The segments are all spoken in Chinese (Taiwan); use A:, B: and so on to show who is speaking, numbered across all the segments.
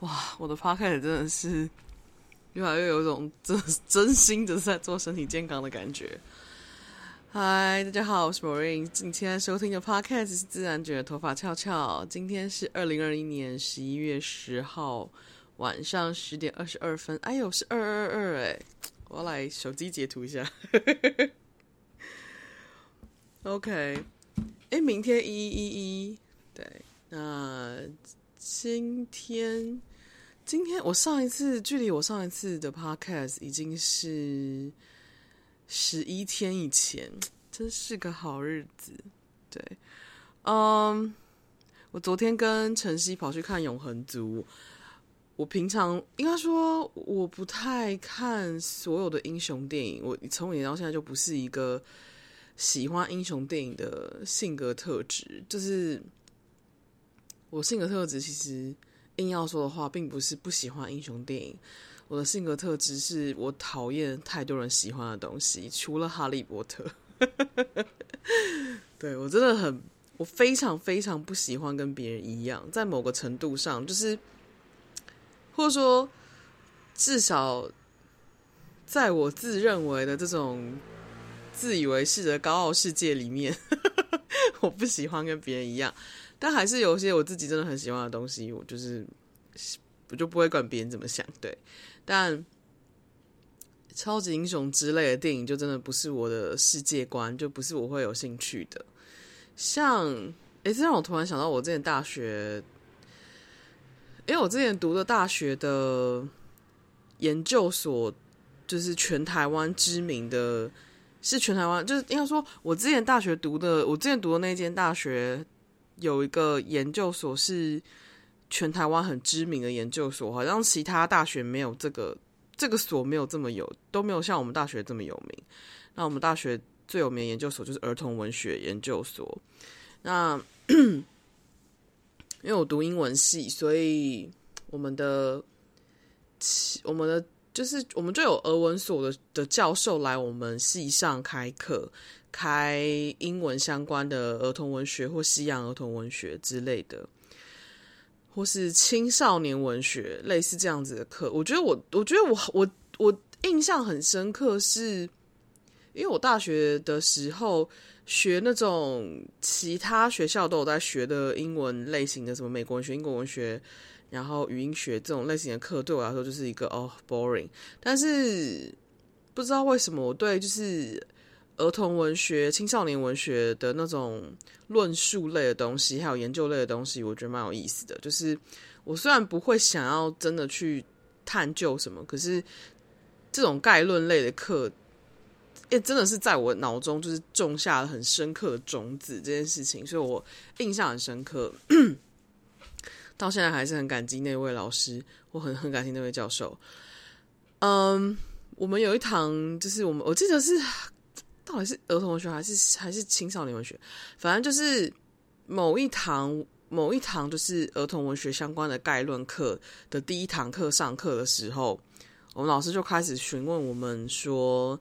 A: 哇，我的 podcast 真的是越來越有種真真心的在做身體健康的感覺。嗨，大家好，我是 Marine 你收聽的 podcast 是自然卷頭髮翹翹。今天是二零二一年十一月十號晚上十點二十二分。哎呦，是二二二哎，我要來手機截圖一下。 OK，哎、欸，明天一一一，對，那。今天，今天我上一次距離我上一次的 podcast 已經是十一天以前，真是個好日子。對，嗯，um，我昨天跟晨曦跑去看《永恆族》。我平常應該說我不太看所有的英雄電影，我從我年到現在就不是一個喜歡英雄電影的性格特質，就是。我性格特質其實，硬要說的話，並不是不喜歡英雄電影。我的性格特質是我討厭太多人喜歡的東西，除了哈利波特。 對，我真的很，我非常非常不喜歡跟別人一樣。在某個程度上，就是，或者說，至少在我自認為的這種自以為是的高傲世界裡面， 我不喜歡跟別人一樣。但還是有些我自己真的很喜歡的東西，我就是我就不會管別人怎麼想。對，但超級英雄之類的電影就真的不是我的世界觀，就不是我會有興趣的。像誒、欸，這讓我突然想到，我之前大學，因為我之前讀的大學的研究所，就是全台灣知名的，是全台灣，就是應該說，我之前大學讀的，我之前讀的那間大學。有一個研究所是全台灣很知名的研究所，好像其他大學沒有這個這個所沒有這麼有，都沒有像我們大學這麼有名。那我們大學最有名的研究所就是兒童文學研究所。那 因為我讀英文系，所以我們的我們的就是我們就有俄文所的的教授來我們系上開課。開英文相關的兒童文學或西洋兒童文學之類的，或是青少年文學，類似這樣子的課，我覺得我我覺得我我我印象很深刻，是因為我大學的時候學那種其他學校都有在學的英文類型的，什麼美國文學、英國文學，然後語音學這種類型的課，對我來說就是一個哦、oh, boring，但是不知道為什麼我對就是。兒童文學、青少年文學的那種論述類的東西，還有研究類的東西，我覺得蠻有意思的。就是我雖然不會想要真的去探究什麼，可是這種概論類的課，也真的是在我腦中就是種下了很深刻的種子這件事情，所以我印象很深刻。 到現在還是很感激那位老師，我很很感激那位教授。嗯，我們有一堂就是我們我記得是。到底是兒童文學還是還是青少年文學？反正就是某一堂某一堂就是兒童文學相關的概論課的第一堂課上課的時候，我們老師就開始詢問我們說：“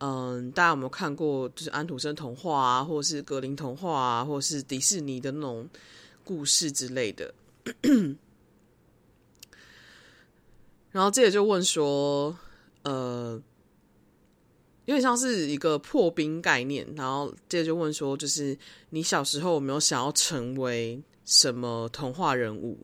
A: 嗯，大家有沒有看過就是安徒生童話啊，或者是格林童話啊，或者是迪士尼的那種故事之類的？” 然後接著就問說：“呃。”有點像是一個破冰概念，然後接着就問說，就是你小時候有沒有想要成為什麼童話人物？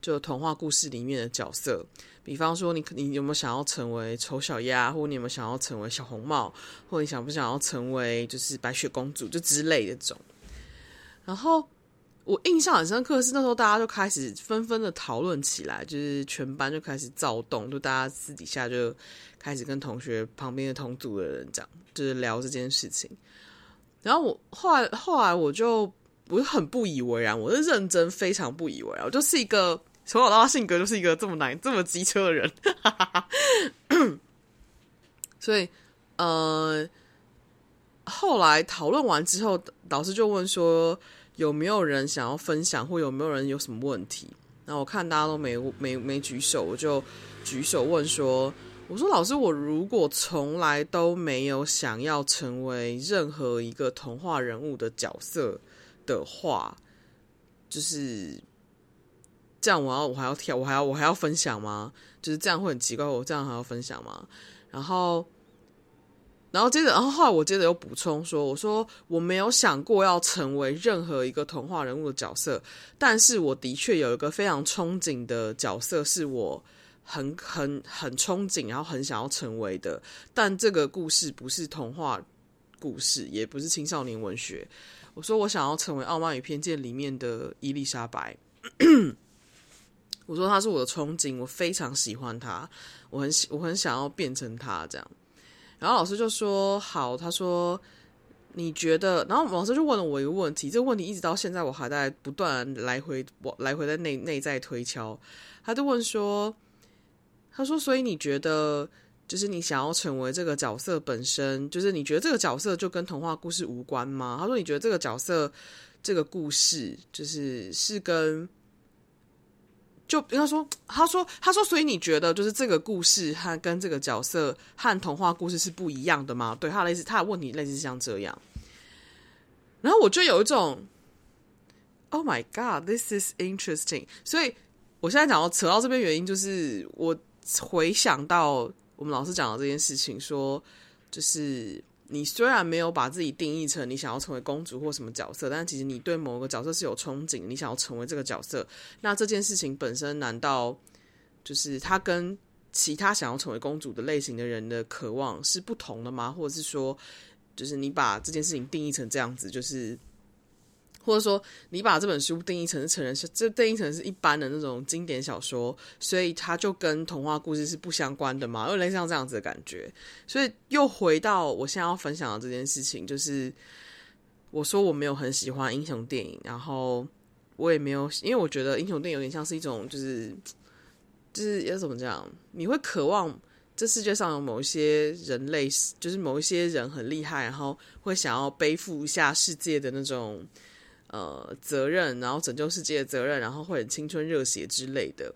A: 就童話故事裡面的角色，比方說你你有沒有想要成為醜小鴨，或者你有沒有想要成為小紅帽，或者你想不想要成為就是白雪公主就之類的這種，然後。我印象很深刻，是那時候大家就開始紛紛的討論起來，就是全班就開始躁動，就大家私底下就開始跟同學旁邊的同組的人講，就是聊這件事情。然後我後來後來我就不是很不以為然，我是認真非常不以為然，我就是一個從小到大性格就是一個這麼難這麼機車的人， 所以呃，後來討論完之後，老師就問說。有沒有人想要分享，或有沒有人有什麼問題？那我看大家都沒沒沒舉手，我就舉手問說：“我說老師，我如果從來都沒有想要成為任何一個童話人物的角色的話，就是這樣，我要我還要跳，我還要我還要分享嗎？就是這樣會很奇怪，我這樣還要分享嗎？”然後。然後接着，然後後來我接着又補充說：“我說我沒有想過要成為任何一個童話人物的角色，但是我的確有一個非常憧憬的角色，是我很很很憧憬，然後很想要成為的。但這個故事不是童話故事，也不是青少年文學。我說我想要成為《傲慢與偏見》裡面的伊麗莎白。 我說她是我的憧憬，我非常喜歡她，我很喜我很想要變成她這樣。”然後老師就說：“好。”他說：“你覺得？”然後老師就問了我一個問題，這個問題一直到現在我還在不斷來回、來回在內內在推敲。他就問說：“他說，所以你覺得，就是你想要成為這個角色本身，就是你覺得這個角色就跟童話故事無關嗎？”他說：“你覺得這個角色，這個故事，就是是跟？”就他說，他說，他說，所以你覺得就是這個故事和跟這個角色和童話故事是不一樣的嗎？對他,他的意思，他問你類似像這樣。然後我就有一種，Oh my God，this is interesting。所以我現在講到扯到這邊原因，就是我回想到我們老師講的這件事情，說就是。你雖然沒有把自己定義成你想要成為公主或什麼角色，但其實你對某個角色是有憧憬，你想要成為這個角色。那這件事情本身難道就是他跟其他想要成為公主的類型的人的渴望是不同的嗎？或者是說，就是你把這件事情定義成這樣子，就是。或者說，你把這本書定義成是成人，是這定義成是一般的那種經典小說，所以它就跟童話故事是不相關的嘛，有點像這樣子的感覺。所以又回到我現在要分享的這件事情，就是我說我沒有很喜歡英雄電影，然後我也沒有，因為我覺得英雄電影有點像是一種，就是就是要怎麼講，你會渴望這世界上有某一些人類，就是某一些人很厲害，然後會想要背負一下世界的那種。呃，責任，然後拯救世界的責任，然後會很青春熱血之類的。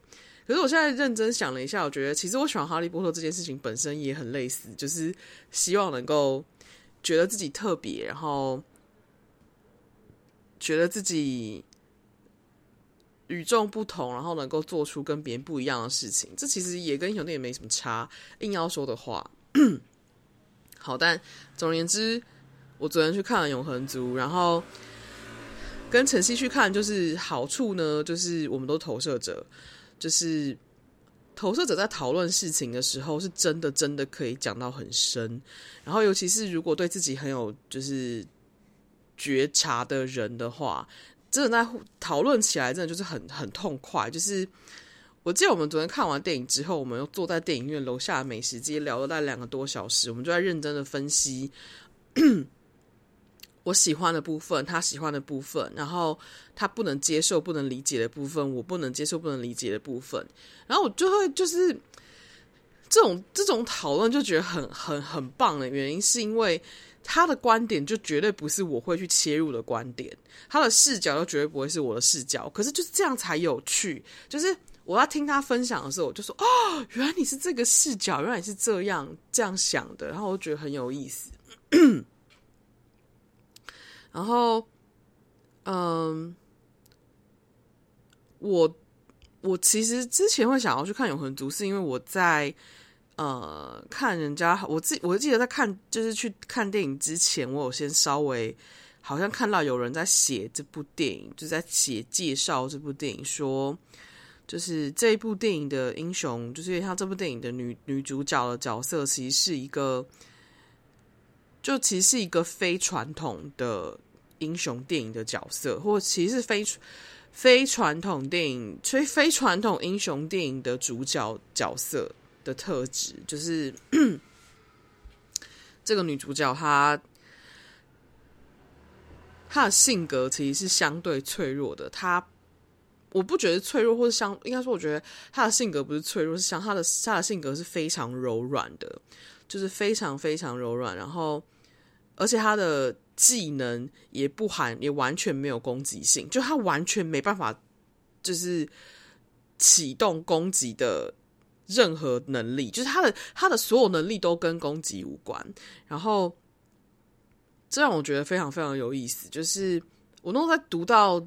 A: 可是我現在認真想了一下，我覺得其實我喜歡《哈利波特》這件事情本身也很類似，就是希望能夠覺得自己特別，然後覺得自己與眾不同，然後能夠做出跟別人不一樣的事情。這其實也跟《永夜》也沒什麼差。硬要說的話， 好。但總而言之，我昨天去看了《永恆族》，然後。跟晨曦去看，就是好處呢，就是我們都投射者，就是投射者在討論事情的時候，是真的真的可以講到很深。然後，尤其是如果對自己很有就是覺察的人的話，真的在討論起來，真的就是很很痛快。就是我記得我們昨天看完電影之後，我們又坐在電影院樓下的美食街聊了大概兩個多小時，我們就在認真的分析。 我喜歡的部分，他喜歡的部分，然後他不能接受、不能理解的部分，我不能接受、不能理解的部分，然後我就會就是這種這種討論，就覺得很很很棒的原因，是因為他的觀點就絕對不是我會去切入的觀點，他的視角又絕對不會是我的視角，可是就是這樣才有趣。就是我要聽他分享的時候，我就說：“哦，原來你是這個視角，原來是這樣這樣想的。”然後我覺得很有意思。 然後，嗯、呃，我我其實之前會想要去看《永恆族》，是因為我在呃看人家我自，我記得在看就是去看電影之前，我有先稍微好像看到有人在寫這部電影，就在寫介紹這部電影，說就是這一部電影的英雄，就是像這部電影的女女主角的角色，其實是一個，就其實是一個非傳統的。英雄電影的角色，或其實是非非傳統電影，所以非傳統英雄電影的主角角色的特質，就是這個女主角她，她她的性格其實是相對脆弱的。她我不覺得是脆弱或是相，或者相應該說，我覺得她的性格不是脆弱，是像她的她的性格是非常柔軟的，就是非常非常柔軟。然後，而且她的。技能也不含，也完全沒有攻擊性，就他完全沒辦法就是啟動攻擊的任何能力，就是他的他的所有能力都跟攻擊無關。然後這讓我覺得非常非常有意思，就是我那時候在讀到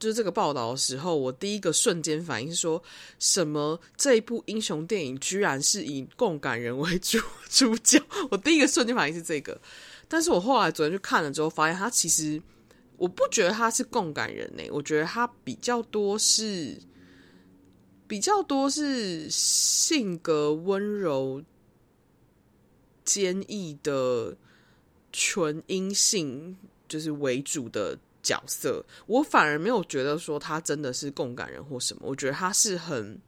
A: 就是這個報道的時候，我第一個瞬間反應是說，什麼這一部英雄電影居然是以共感人為主主角，我第一個瞬間反應是這個。但是我後來昨天去看了之後，發現他其實我不覺得他是共感人呢、欸。我覺得他比較多是比較多是性格溫柔、堅毅的全陰性就是為主的角色。我反而沒有覺得說他真的是共感人或什麼。我覺得他是很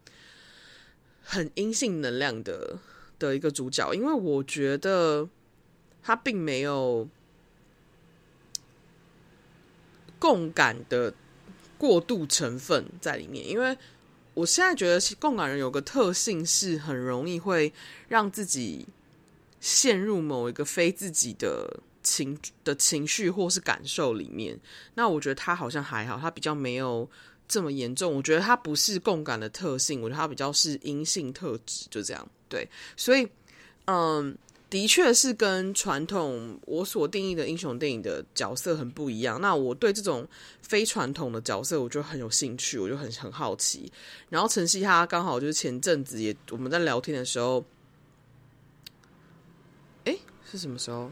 A: 很陰性能量的的一個主角，因為我覺得。他並沒有共感的過度成分在裡面，因為我現在覺得共感人有個特性是很容易會讓自己陷入某一個非自己的情的情緒或是感受裡面。那我覺得他好像還好，他比較沒有這麼嚴重。我覺得他不是共感的特性，我覺得他比較是陰性特質，就這樣。對，所以嗯。的確是跟傳統我所定義的英雄電影的角色很不一樣。那我對這種非傳統的角色，我就很有興趣，我就很很好奇。然後晨曦他剛好就是前陣子也我們在聊天的時候，哎、欸，是什麼時候？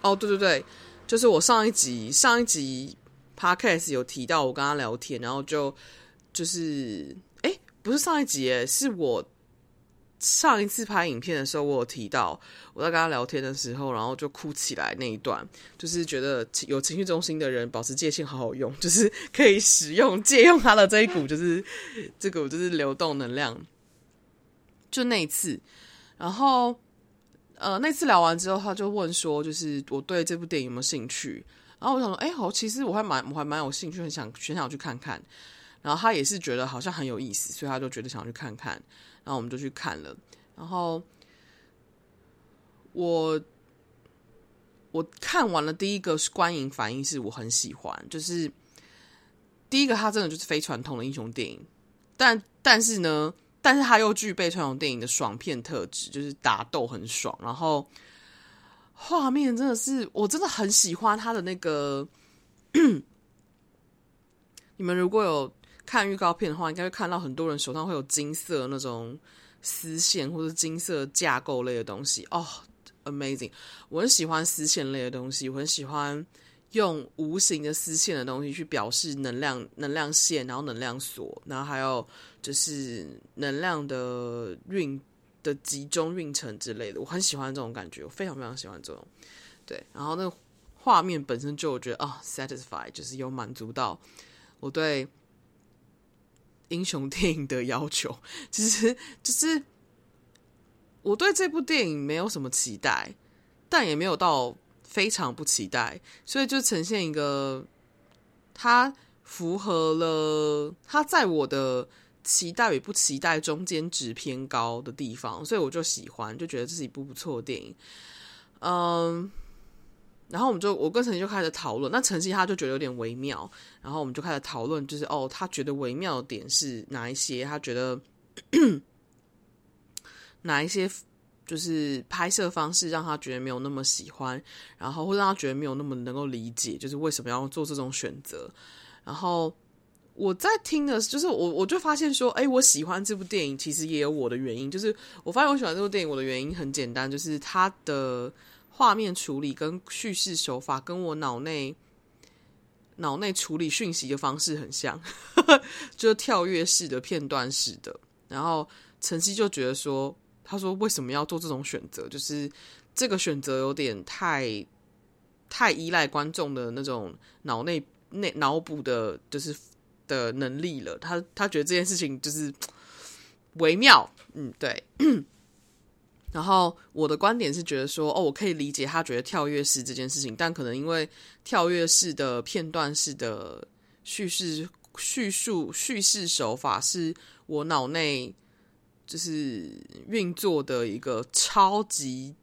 A: 哦，對對對，就是我上一集上一集 podcast 有提到我跟他聊天，然後就就是哎、欸，不是上一集欸，是我。上一次拍影片的時候，我有提到我在跟他聊天的時候，然後就哭起來那一段，就是覺得有情緒中心的人保持界限好好用，就是可以使用借用他的這一股，就是這個就是流動能量。就那一次，然後呃那次聊完之後，他就問說，就是我對這部電影有沒有興趣？然後我想說，哎，好，其實我還蠻我還蠻有興趣，很想想想去看看。然後他也是覺得好像很有意思，所以他就覺得想要去看看。然後我們就去看了，然後我我看完了，第一個是觀影反應，是我很喜歡，就是第一個它真的就是非傳統的英雄電影，但但是呢，但是它又具備傳統電影的爽片特質，就是打鬥很爽，然後畫面真的是我真的很喜歡它的那個，你們如果有。看預告片的話，應該會看到很多人手上會有金色的那種絲線，或者金色架構類的東西哦，Oh，amazing！我很喜歡絲線類的東西，我很喜歡用無形的絲線的東西去表示能量、能量線，然後能量鎖，然後還有就是能量的運的集中運程之類的。我很喜歡這種感覺，我非常非常喜歡這種。對，然後那個畫面本身就我覺得啊，Oh，satisfy，就是有滿足到我對。英雄電影的要求，其實就是、就是、我對這部電影沒有什麼期待，但也沒有到非常不期待，所以就呈現一個它符合了它在我的期待與不期待中間值偏高的地方，所以我就喜歡，就覺得這是一部不錯的電影，嗯。然後我們就，我跟陳曦就開始討論。那陳曦他就覺得有點微妙。然後我們就開始討論，就是哦，他覺得微妙的點是哪一些？他覺得 哪一些就是拍攝方式讓他覺得沒有那麼喜歡，然後或讓他覺得沒有那麼能夠理解，就是為什麼要做這種選擇。然後我在聽的，就是我我就發現說，哎，我喜歡這部電影，其實也有我的原因。就是我發現我喜歡這部電影，我的原因很簡單，就是他的。畫面處理跟敘事手法跟我腦內腦內處理訊息的方式很像， 就是跳躍式的、片段式的。然後陳曦就覺得說：“他說為什麼要做這種選擇？就是這個選擇有點太太依賴觀眾的那種腦內內腦補的，就是的能力了。他他覺得這件事情就是微妙，嗯，對。” 然後我的觀點是覺得說，哦，我可以理解他覺得跳躍式這件事情，但可能因為跳躍式的片段式的敘事、敘述、敘事手法是我腦內就是運作的一個超級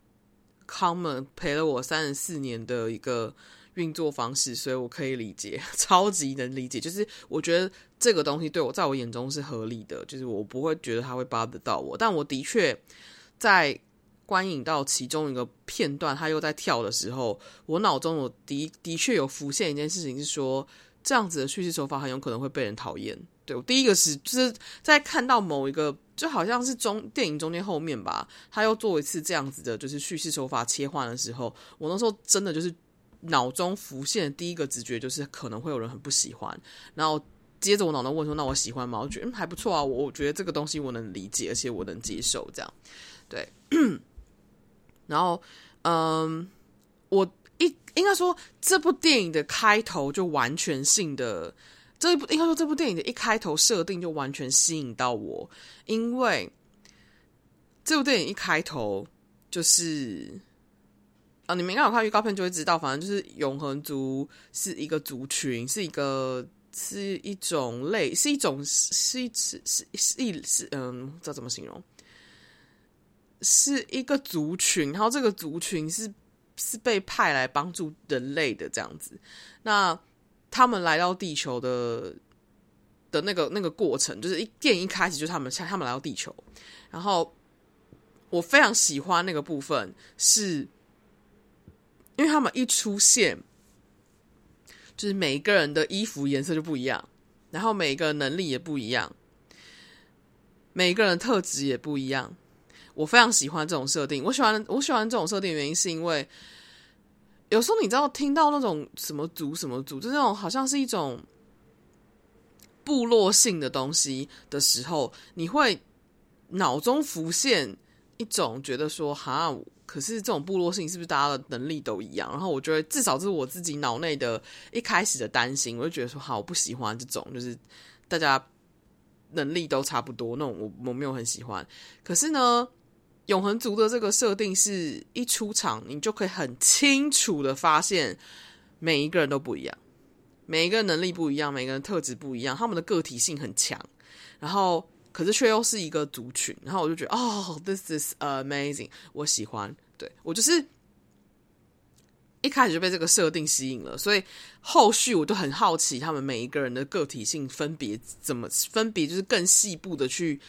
A: common，陪了我三十四年的一個運作方式，所以我可以理解，超級能理解。就是我覺得這個東西對我，在我眼中是合理的，就是我不會覺得他會扒得到我，但我的確。在觀影到其中一個片段，他又在跳的時候，我腦中我的的確有浮現一件事情，是說這樣子的敘事手法很有可能會被人討厭。對，我第一個是就是在看到某一個，就好像是中電影中間後面吧，他又做一次這樣子的，就是敘事手法切換的時候，我那時候真的就是腦中浮現的第一個直覺就是可能會有人很不喜歡，然後接着我腦袋問說，那我喜歡嗎？我覺得，嗯，還不錯啊，我我覺得這個東西我能理解，而且我能接受這樣。對，然後，嗯，我一應該說這部電影的開頭就完全性的這部應該說這部電影的一開頭設定就完全吸引到我，因為這部電影一開頭就是啊，你們應該有看預告片就會知道，反正就是永恆族是一個族群，是一個，是一種類，是一種是是是是是，是嗯，不知道怎麼形容。是一個族群，然後這個族群是是被派來幫助人類的這樣子。那他們來到地球的的那個那個過程，就是一電影一開始就是他們他們來到地球。然後我非常喜歡那個部分，是因為他們一出現，就是每一個人的衣服顏色就不一樣，然後每一個人能力也不一樣，每一個人的特質也不一樣。我非常喜歡這種設定。我喜歡我喜歡這種設定，原因是因為有時候你知道，聽到那種什麼族什麼族，就那種好像是一種部落性的東西的時候，你會腦中浮現一種覺得說：“哈，可是這種部落性是不是大家的能力都一樣？”然後我覺得至少是我自己腦內的一開始的擔心，我就覺得說：“好，我不喜歡這種，就是大家能力都差不多那種，我我沒有很喜歡。可是呢。”永恆族的這個設定是一出場，你就可以很清楚的發現，每一個人都不一樣，每一個能力不一樣，每個人特質不一樣，他們的個體性很強。然後，可是卻又是一個族群。然後我就覺得，哦、oh，This is amazing，我喜歡。對，我就是一開始就被這個設定吸引了，所以後續我就很好奇他們每一個人的個體性分別怎麼分別，就是更細部的去。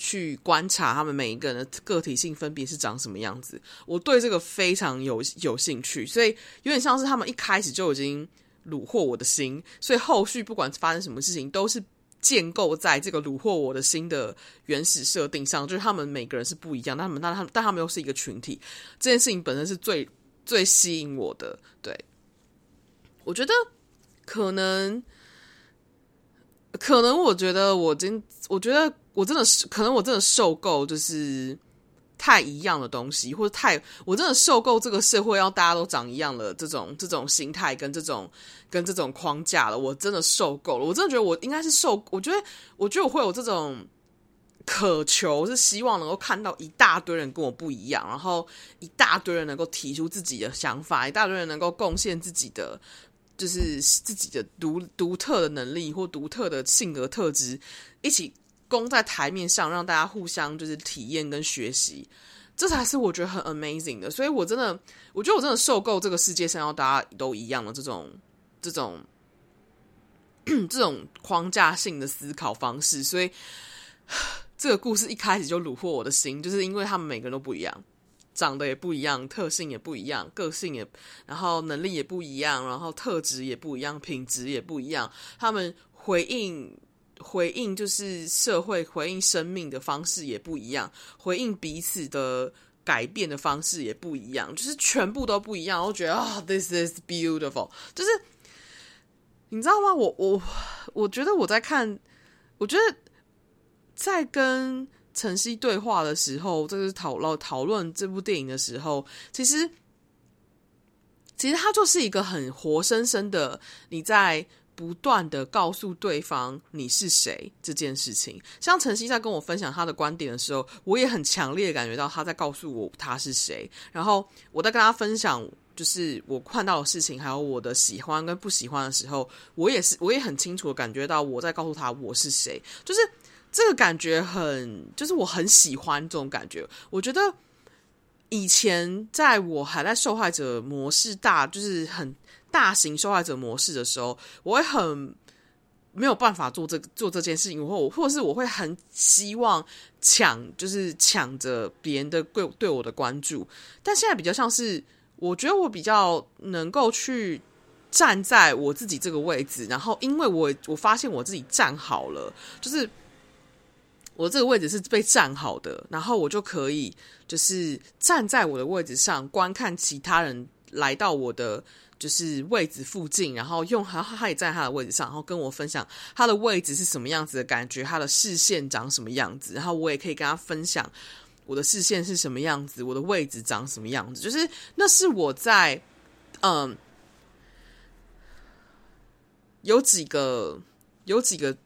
A: 去觀察他們每一個人的個體性分別是長什麼樣子，我對這個非常有有興趣，所以有點像是他們一開始就已經擄獲我的心，所以後續不管發生什麼事情，都是建構在這個擄獲我的心的原始設定上，就是他們每個人是不一樣，但他們、但他們、但他們又是一個群體，這件事情本身是最最吸引我的。對，我覺得可能，可能我覺得我今我覺得。我真的是，可能我真的受夠，就是太一樣的東西，或者太，我真的受夠這個社會要大家都長一樣的這種這種心態跟這種跟這種框架了。我真的受夠了，我真的覺得我應該是受，我覺得我覺得我會有這種渴求，是希望能夠看到一大堆人跟我不一樣，然後一大堆人能夠提出自己的想法，一大堆人能夠貢獻自己的，就是自己的獨獨特的能力或獨特的性格特質，一起。公在台面上讓大家互相就是體驗跟學習，這才是我覺得很 amazing 的。所以我真的，我覺得我真的受夠這個世界上要大家都一樣的這種、這種、這種框架性的思考方式。所以這個故事一開始就虜獲我的心，就是因為他們每個人都不一樣，長得也不一樣，特性也不一樣，個性也，然後能力也不一樣，然後特質也不一樣，品質也不一樣。他們回應。回應就是社會回應生命的方式也不一樣，回應彼此的改變的方式也不一樣，就是全部都不一樣。我覺得啊，oh，This is beautiful，就是你知道嗎？我我我覺得我在看，我覺得在跟晨曦對話的時候，就是討論討論這部電影的時候，其實其實它就是一個很活生生的你在。不斷的告訴對方你是誰這件事情，像晨曦在跟我分享他的觀點的時候，我也很強烈地感覺到他在告訴我他是誰。然後我在跟他分享就是我看到的事情，還有我的喜歡跟不喜歡的時候，我也是，我也很清楚地感覺到我在告訴他我是誰。就是這個感覺很，就是我很喜歡這種感覺，我覺得。以前在我還在受害者模式大，就是很大型受害者模式的時候，我會很沒有辦法做這做這件事情，或或是我會很希望搶，就是搶着別人的貴，對我的關注。但現在比較像是，我覺得我比較能夠去站在我自己這個位置，然後因為我我發現我自己站好了，就是。我這個位置是被佔好的，然後我就可以就是站在我的位置上觀看其他人來到我的就是位置附近，然後用，然後他也在他的位置上，然後跟我分享他的位置是什麼樣子的感覺，他的視線長什麼樣子，然後我也可以跟他分享我的視線是什麼樣子，我的位置長什麼樣子，就是那是我在嗯，有幾個有幾個。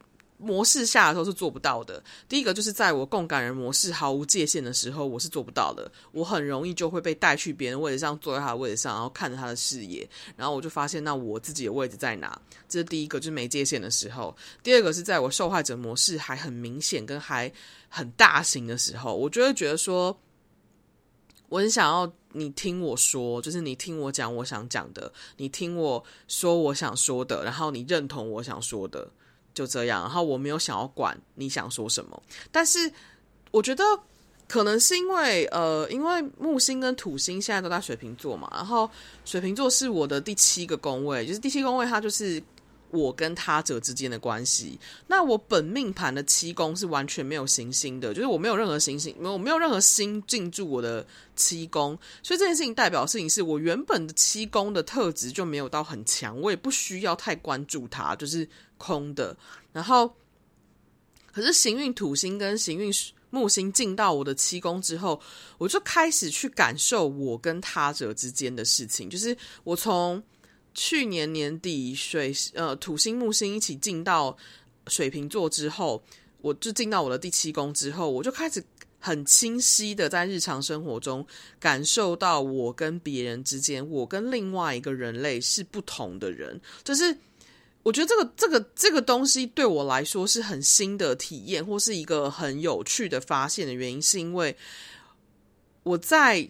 A: 模式下的時候是做不到的。第一個就是在我共感人模式毫無界限的時候，我是做不到的。我很容易就會被帶去別人的位置上，坐在他的位置上，然後看着他的視野，然後我就發現那我自己的位置在哪。這是第一個，就是沒界限的時候。第二個是在我受害者模式還很明顯跟還很大型的時候，我就會覺得說，我很想要你聽我說，就是你聽我講我想講的，你聽我說我想說的，然後你認同我想說的。就這樣，然後我沒有想要管你想說什麼，但是我覺得可能是因為呃，因為木星跟土星現在都在水瓶座嘛，然後水瓶座是我的第七個宮位，就是第七宮位，它就是。我跟他者之間的關係，那我本命盤的七宮是完全沒有行星的，就是我沒有任何行星，沒有沒有任何星進駐我的七宮，所以這件事情代表的事情是我原本的七宮的特質就沒有到很強，我也不需要太關注它，就是空的。然後，可是行運土星跟行運木星進到我的七宮之後，我就開始去感受我跟他者之間的事情，就是我從。去年年底，水，呃，土星木星一起進到水瓶座之後，我就進到我的第七宮之後，我就開始很清晰的在日常生活中感受到我跟別人之間，我跟另外一個人類是不同的人。就是我覺得這個這個這個東西對我來說是很新的體驗，或是一個很有趣的發現的原因，是因為我在。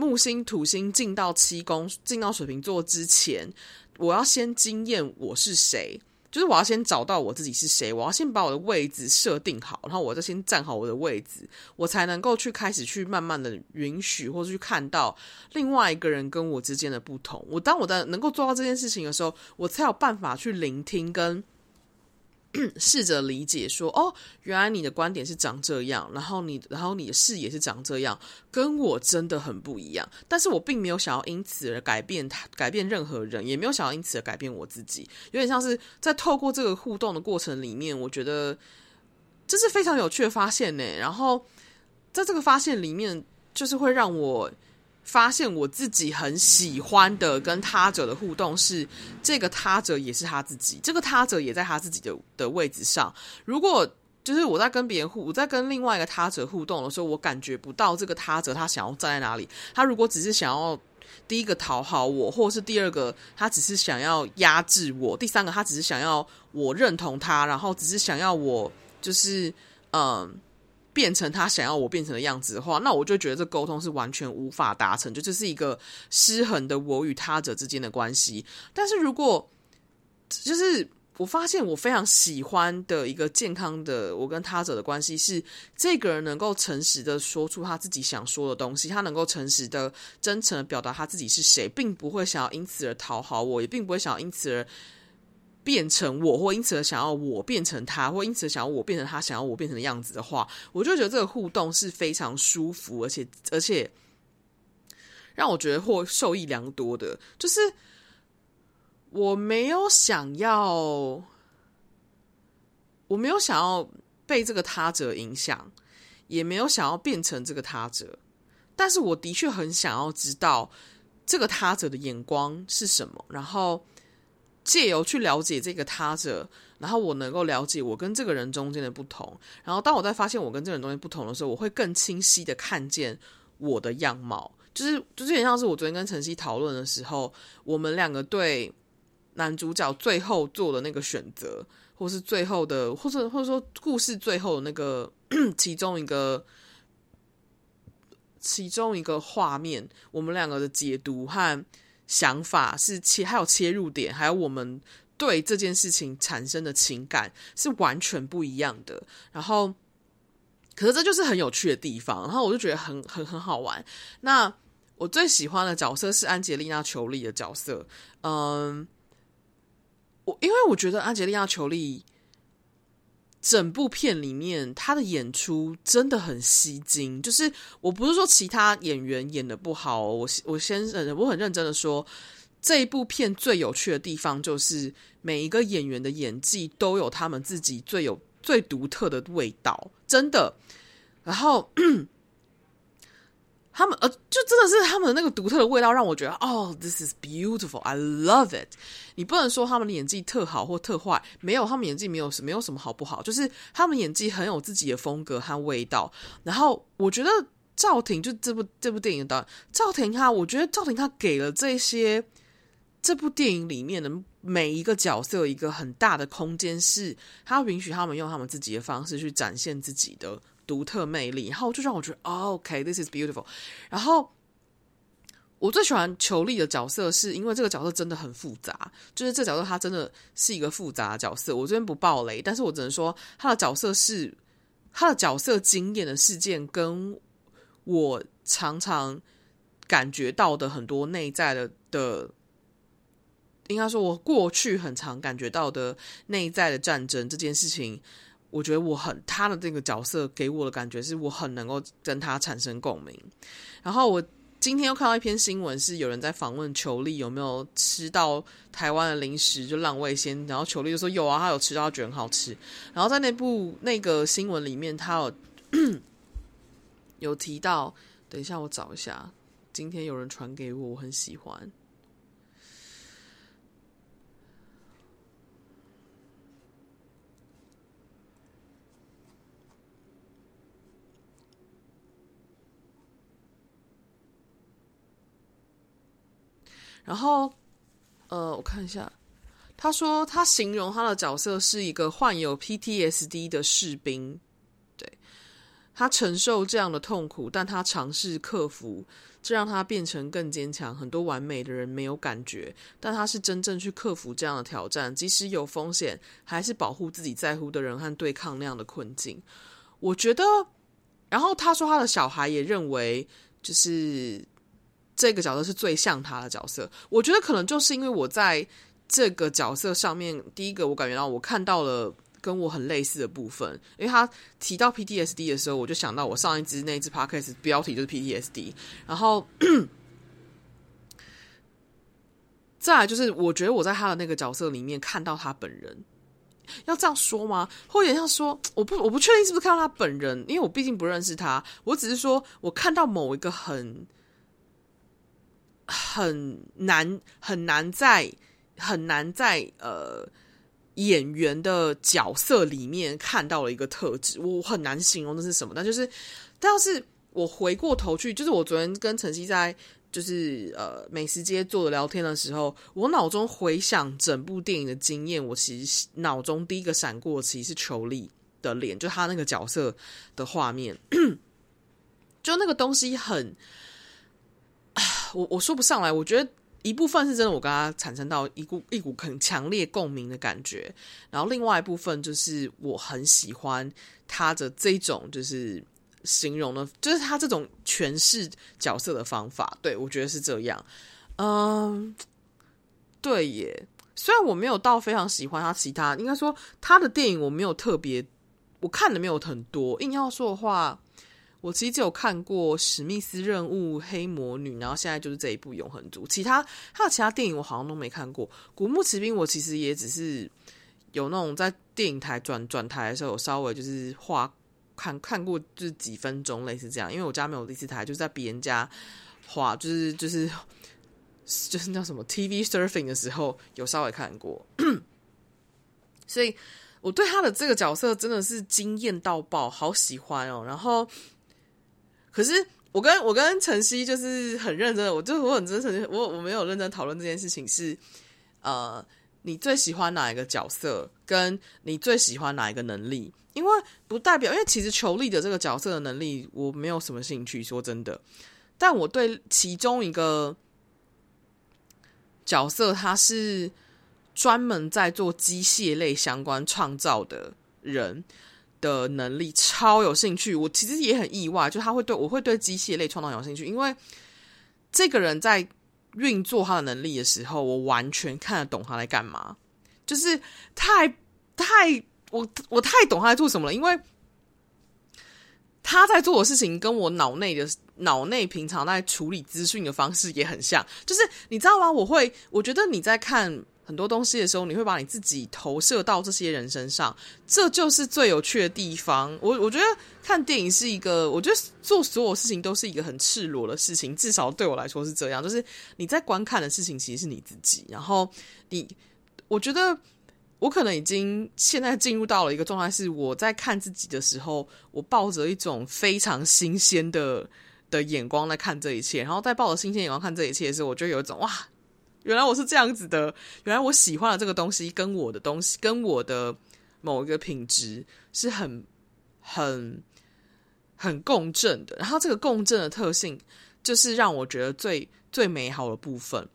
A: 木星、土星進到七宮，進到水瓶座之前，我要先經驗我是誰，就是我要先找到我自己是誰，我要先把我的位置設定好，然後我再先站好我的位置，我才能夠去開始去慢慢的允許，或是去看到另外一個人跟我之間的不同。我當我的能夠做到這件事情的時候，我才有辦法去聆聽跟。 試着理解說，哦，原來你的觀點是長這樣，然後你，然後你的視野是長這樣，跟我真的很不一樣。但是我並沒有想要因此而改變他，改變任何人，也沒有想要因此而改變我自己。有點像是在透過這個互動的過程裡面，我覺得這是非常有趣的發現耶。然後在這個發現裡面，就是會讓我。發現我自己很喜歡的跟他者的互動是，這個他者也是他自己，這個他者也在他自己的的位置上。如果就是我在跟別人互，我在跟另外一個他者互動的時候，我感覺不到這個他者他想要站在哪裡。他如果只是想要第一個討好我，或是第二個他只是想要壓制我，第三個他只是想要我認同他，然後只是想要我就是嗯。變成他想要我變成的樣子的話，那我就覺得這溝通是完全無法達成，就這是一個失衡的我與他者之間的關係。但是如果，就是我發現我非常喜歡的一個健康的我跟他者的關係，是這個人能夠誠實的說出他自己想說的東西，他能夠誠實的、真誠的表達他自己是誰，並不會想要因此而討好我，也並不會想要因此而。變成我，或因此想要我變成他，或因此想要我變成他，想要我變成的樣子的話，我就覺得這個互動是非常舒服，而且而且讓我覺得或受益良多的，就是我沒有想要，我沒有想要被這個他者影響，也沒有想要變成這個他者，但是我的確很想要知道這個他者的眼光是什麼，然後。借由去了解這個他者，然後我能夠了解我跟這個人中間的不同。然後，當我在發現我跟這個人中間不同的時候，我會更清晰地看見我的樣貌。就是，就是很像是我昨天跟晨曦討論的時候，我們兩個對男主角最後做的那個選擇，或是最後的，或是或者說故事最後的那個 其中一個、其中一個畫面，我們兩個的解讀和。想法是切，還有切入點，還有我們對這件事情產生的情感是完全不一樣的。然後，可是這就是很有趣的地方。然後我就覺得很很很好玩。那我最喜歡的角色是安吉麗娜·裘麗的角色。嗯，我因為我覺得安吉麗娜·裘莉。整部片裡面，他的演出真的很吸睛。就是，我不是說其他演員演得不好，我我先，我很認真的說，這一部片最有趣的地方就是每一個演員的演技都有他們自己最有最獨特的味道，真的。然後。 他們呃，就真的是他們那個獨特的味道，讓我覺得哦，This is beautiful，I love it。你不能說他們的演技特好或特壞，沒有，他們演技沒有什麼，沒有什麼好不好，就是他們演技很有自己的風格和味道。然後我覺得趙婷就這部這部電影的導演趙婷哈，我覺得趙婷他給了這些這部電影裡面的每一個角色一個很大的空間，是他允許他們用他們自己的方式去展現自己的。獨特魅力，然後就讓我覺得，oh, okay, this is beautiful。然後我最喜歡裘力的角色是，是因為這個角色真的很複雜，就是這角色他真的是一個複雜的角色。我這邊不爆雷，但是我只能說他的角色是他的角色經典的事件，跟我常常感覺到的很多內在的的，應該說我過去很常感覺到的內在的戰爭這件事情。我覺得我很，他的這個角色給我的感覺是，我很能夠跟他產生共鳴。然後我今天又看到一篇新聞，是有人在訪問裘莉有沒有吃到台灣的零食，就浪味仙，然後裘莉就說有啊，他有吃到，他覺得很好吃。然後在那部那個新聞裡面，他有有提到，等一下我找一下，今天有人傳給我，我很喜歡。然後，呃，我看一下，他說他形容他的角色是一個患有 PTSD 的士兵，對，他承受這樣的痛苦，但他嘗試克服，這讓他變成更堅強。很多完美的人沒有感覺，但他是真正去克服這樣的挑戰，即使有風險，還是保護自己在乎的人和對抗那樣的困境。我覺得，然後他說他的小孩也認為，就是。這個角色是最像他的角色，我覺得可能就是因為我在這個角色上面，第一個我感覺到我看到了跟我很類似的部分，因為他提到 PTSD 的時候，我就想到我上一支那支 podcast 標題就是 PTSD，然後，再來就是我覺得我在他的那個角色裡面看到他本人，要這樣說嗎？或者要說我不我不確定是不是看到他本人，因為我畢竟不認識他，我只是說我看到某一個很。很難很難在很難在呃演員的角色裡面看到了一個特質，我很難形容那是什麼。但就是，但要是我回過頭去，就是我昨天跟晨曦在就是呃美食街做的聊天的時候，我腦中回想整部電影的經驗，我其實腦中第一個閃過的其實是裘莉的臉，就他那個角色的畫面， 就那個東西很。我我說不上來，我覺得一部分是真的，我跟他產生到一股一股很強烈共鳴的感覺，然後另外一部分就是我很喜歡他的這種就是形容的，就是他這種詮釋角色的方法，對，我覺得是這樣。嗯，對耶，雖然我沒有到非常喜歡他其他，應該說他的電影我沒有特別，我看的沒有很多，硬要說的話。我其實有看過《史密斯任務》《黑魔女》，然後現在就是這一部《永恆族》，其他還有其他電影我好像都沒看過。《古墓奇兵》我其實也只是有那種在電影台轉轉台的時候有稍微就是滑看看過，就是幾分鐘類似這樣。因為我家沒有第四台，就是在別人家滑就是就是就是那什麼 TV Surfing 的時候有稍微看過。 所以我對他的這個角色真的是驚豔到爆，好喜歡哦、喔。然後。可是我跟我跟晨曦就是很認真的，我就我很認真，我我沒有認真討論這件事情是，呃，你最喜歡哪一個角色，跟你最喜歡哪一個能力？因為不代表，因為其實裘莉的這個角色的能力，我沒有什麼興趣，說真的。但我對其中一個角色，他是專門在做機械類相關創造的人。的能力超有興趣，我其實也很意外，就他會對我會對機械類創造有興趣，因為這個人在運作他的能力的時候，我完全看得懂他在幹嘛，就是太太我我太懂他在做什麼了，因為他在做的事情跟我腦內的腦內平常在處理資訊的方式也很像，就是你知道嗎？我會我覺得你在看。很多東西的時候，你會把你自己投射到這些人身上，這就是最有趣的地方。我我覺得看電影是一個，我覺得做所有事情都是一個很赤裸的事情，至少對我來說是這樣。就是你在觀看的事情其實是你自己，然後你我覺得我可能已經現在進入到了一個狀態，是我在看自己的時候，我抱着一種非常新鮮的的眼光來看這一切，然後再抱着新鮮的眼光看這一切的時候，我就有一種哇。原來我是這樣子的，原來我喜歡的這個東西跟我的東西，跟我的某一個品質是很、很、很共振的。然後這個共振的特性，就是讓我覺得最最美好的部分。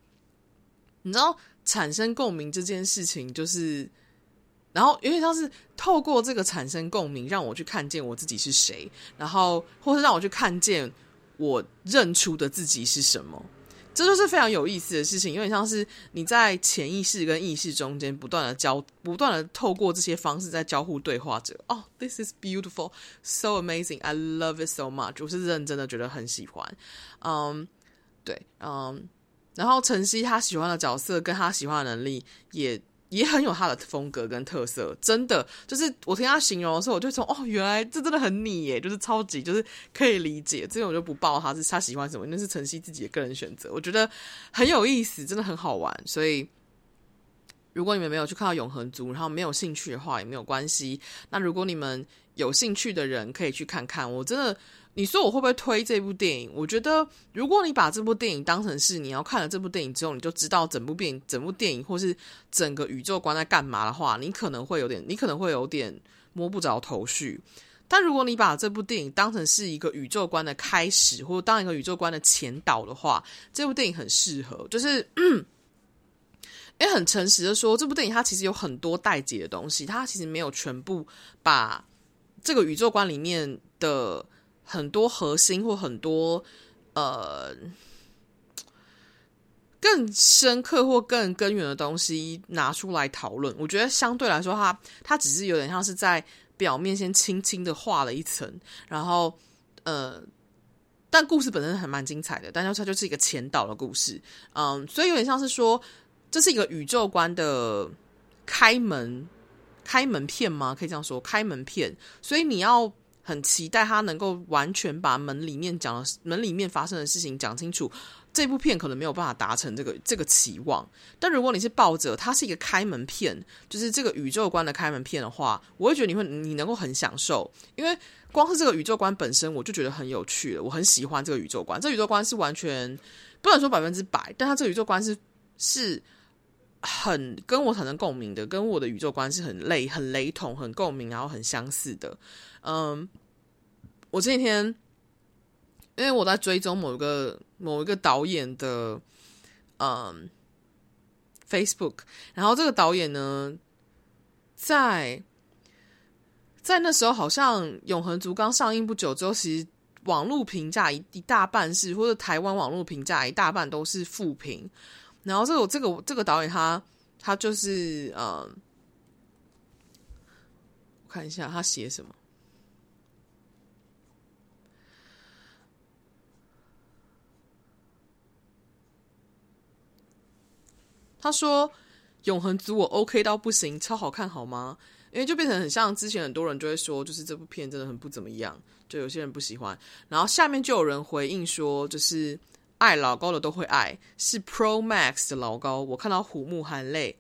A: 你知道，產生共鳴這件事情，就是，然後因為它是透過這個產生共鳴，讓我去看見我自己是誰，然後，或是讓我去看見我認出的自己是什麼。這就是非常有意思的事情，有點像是你在潛意識跟意識中間不斷的交，不斷的透過這些方式在交互對話着。哦、oh,，This is beautiful, so amazing, I love it so much。我是認真的覺得很喜歡。嗯、um,，對，嗯、um,，然後晨曦，他喜歡的角色跟他喜歡的能力也。也很有他的風格跟特色，真的就是我聽他形容的時候，我就說哦，原來這真的很你耶，就是超級就是可以理解。這個我就不爆。他是他喜歡什麼，那是晨曦自己的個人選擇，我覺得很有意思，真的很好玩。所以如果你們沒有去看到《永恆族》，然後沒有興趣的話也沒有關係。那如果你們有興趣的人可以去看看，我真的。你說我會不會推這部電影？我覺得，如果你把這部電影當成是你要看了這部電影之後你就知道整部電影，整部電影或是整個宇宙觀在幹嘛的話，你可能會有點，你可能會有點摸不着頭緒。但如果你把這部電影當成是一個宇宙觀的開始，或者當一個宇宙觀的前導的話，這部電影很適合。就是，嗯。也很誠實的說，這部電影它其實有很多待解的東西，它其實沒有全部把這個宇宙觀裡面的。很多核心或很多呃更深刻或更根源的東西拿出來討論，我覺得相對來說它，它它只是有點像是在表面先輕輕的畫了一層，然後呃，但故事本身很蠻精彩的，但是它就是一個前導的故事，嗯，所以有點像是說，這是一個宇宙觀的開門、開門片嗎？可以這樣說，開門片，所以你要。很期待他能夠完全把門裡面講的門裡面發生的事情講清楚。這部片可能沒有辦法達成這個這個期望，但如果你是抱着它是一個開門片，就是這個宇宙觀的開門片的話，我會覺得你會你能夠很享受，因為光是這個宇宙觀本身，我就覺得很有趣了。我很喜歡這個宇宙觀，這宇宙觀是完全不能說百分之百，但他這個宇宙觀是是。很跟我產生共鳴的，跟我的宇宙觀是很類、很雷同、很共鳴，然後很相似的。嗯，我這幾天因為我在追蹤某一個某一個導演的嗯 Facebook，然後這個導演呢，在在那時候好像《永恆族》剛上映不久之後，其實網絡評價一一大半是，或者台灣網絡評價一大半都是負評。然後這個這個這個導演他他就是嗯、呃、我看一下他寫什麼。他說：“永恆族我 OK 到不行，超好看，好嗎？因為就變成很像之前很多人就會說，就是這部片真的很不怎麼樣，就有些人不喜歡。然後下面就有人回應說，就是。”愛老高的都會愛，是 Pro Max 的老高，我看到虎目含淚。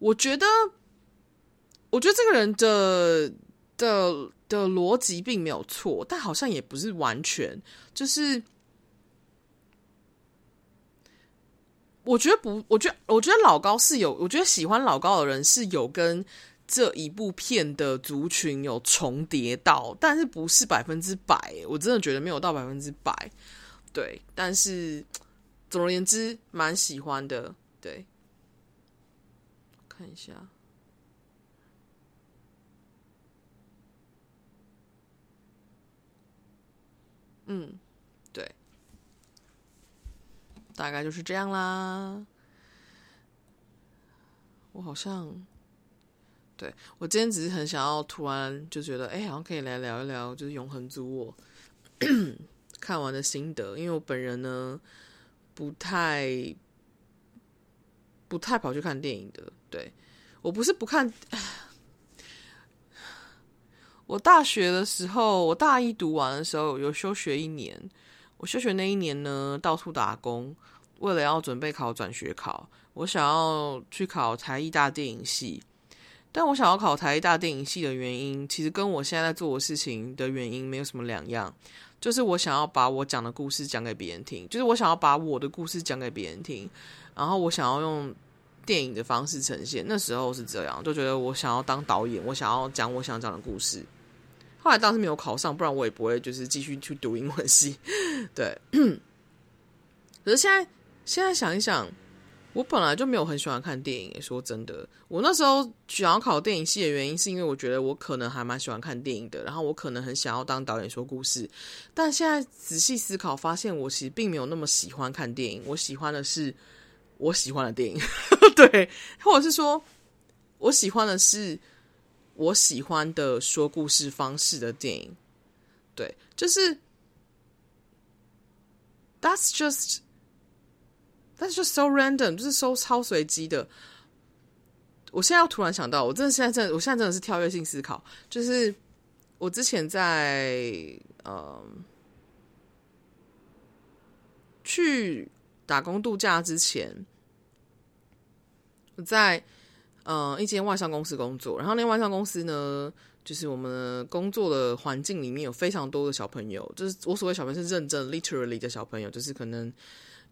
A: 我覺得，我覺得這個人的的的邏輯並沒有錯，但好像也不是完全。就是我覺得不，我覺得我覺得老高是有，我覺得喜歡老高的人是有跟這一部片的族群有重疊到，但是不是百分之百？我真的覺得沒有到百分之百。對，但是總而言之，蠻喜歡的。對，看一下，嗯，對，大概就是這樣啦。我好像，對，我今天只是很想要，突然就覺得，哎、欸，好像可以來聊一聊，就是永恆族。 看完的心得，因為我本人呢，不太不太跑去看電影的。對，我不是不看， 我大學的時候，我大一讀完的時候有休學一年，我休學那一年呢，到處打工，為了要準備考轉學考，我想要去考台藝大電影系。但我想要考台藝大電影系的原因，其實跟我現在在做的事情的原因沒有什麼兩樣。就是我想要把我講的故事講給別人聽，就是我想要把我的故事講給別人聽，然後我想要用電影的方式呈現。那時候是這樣，就覺得我想要當導演，我想要講我想講的故事。後來當時沒有考上，不然我也不會就是繼續去讀英文系。對，可是現在現在想一想。我本來就沒有很喜歡看電影，說真的。我那時候想要考電影系的原因，是因為我覺得我可能還蠻喜歡看電影的，然後我可能很想要當導演說故事。但現在仔細思考，發現我其實並沒有那麼喜歡看電影。我喜歡的是我喜歡的電影， 對，或者是說我喜歡的是我喜歡的說故事方式的電影，對，就是 that's just。但是就 so random，就是 so 超隨機的。我現在又突然想到，我真的現在真的，我現在真的是跳躍性思考。就是我之前在呃、嗯、去打工度假之前，我在呃、嗯、一間外商公司工作，然後那外商公司呢，就是我們工作的環境裡面有非常多的小朋友，就是我所謂小朋友是認真 literally 的小朋友，就是可能。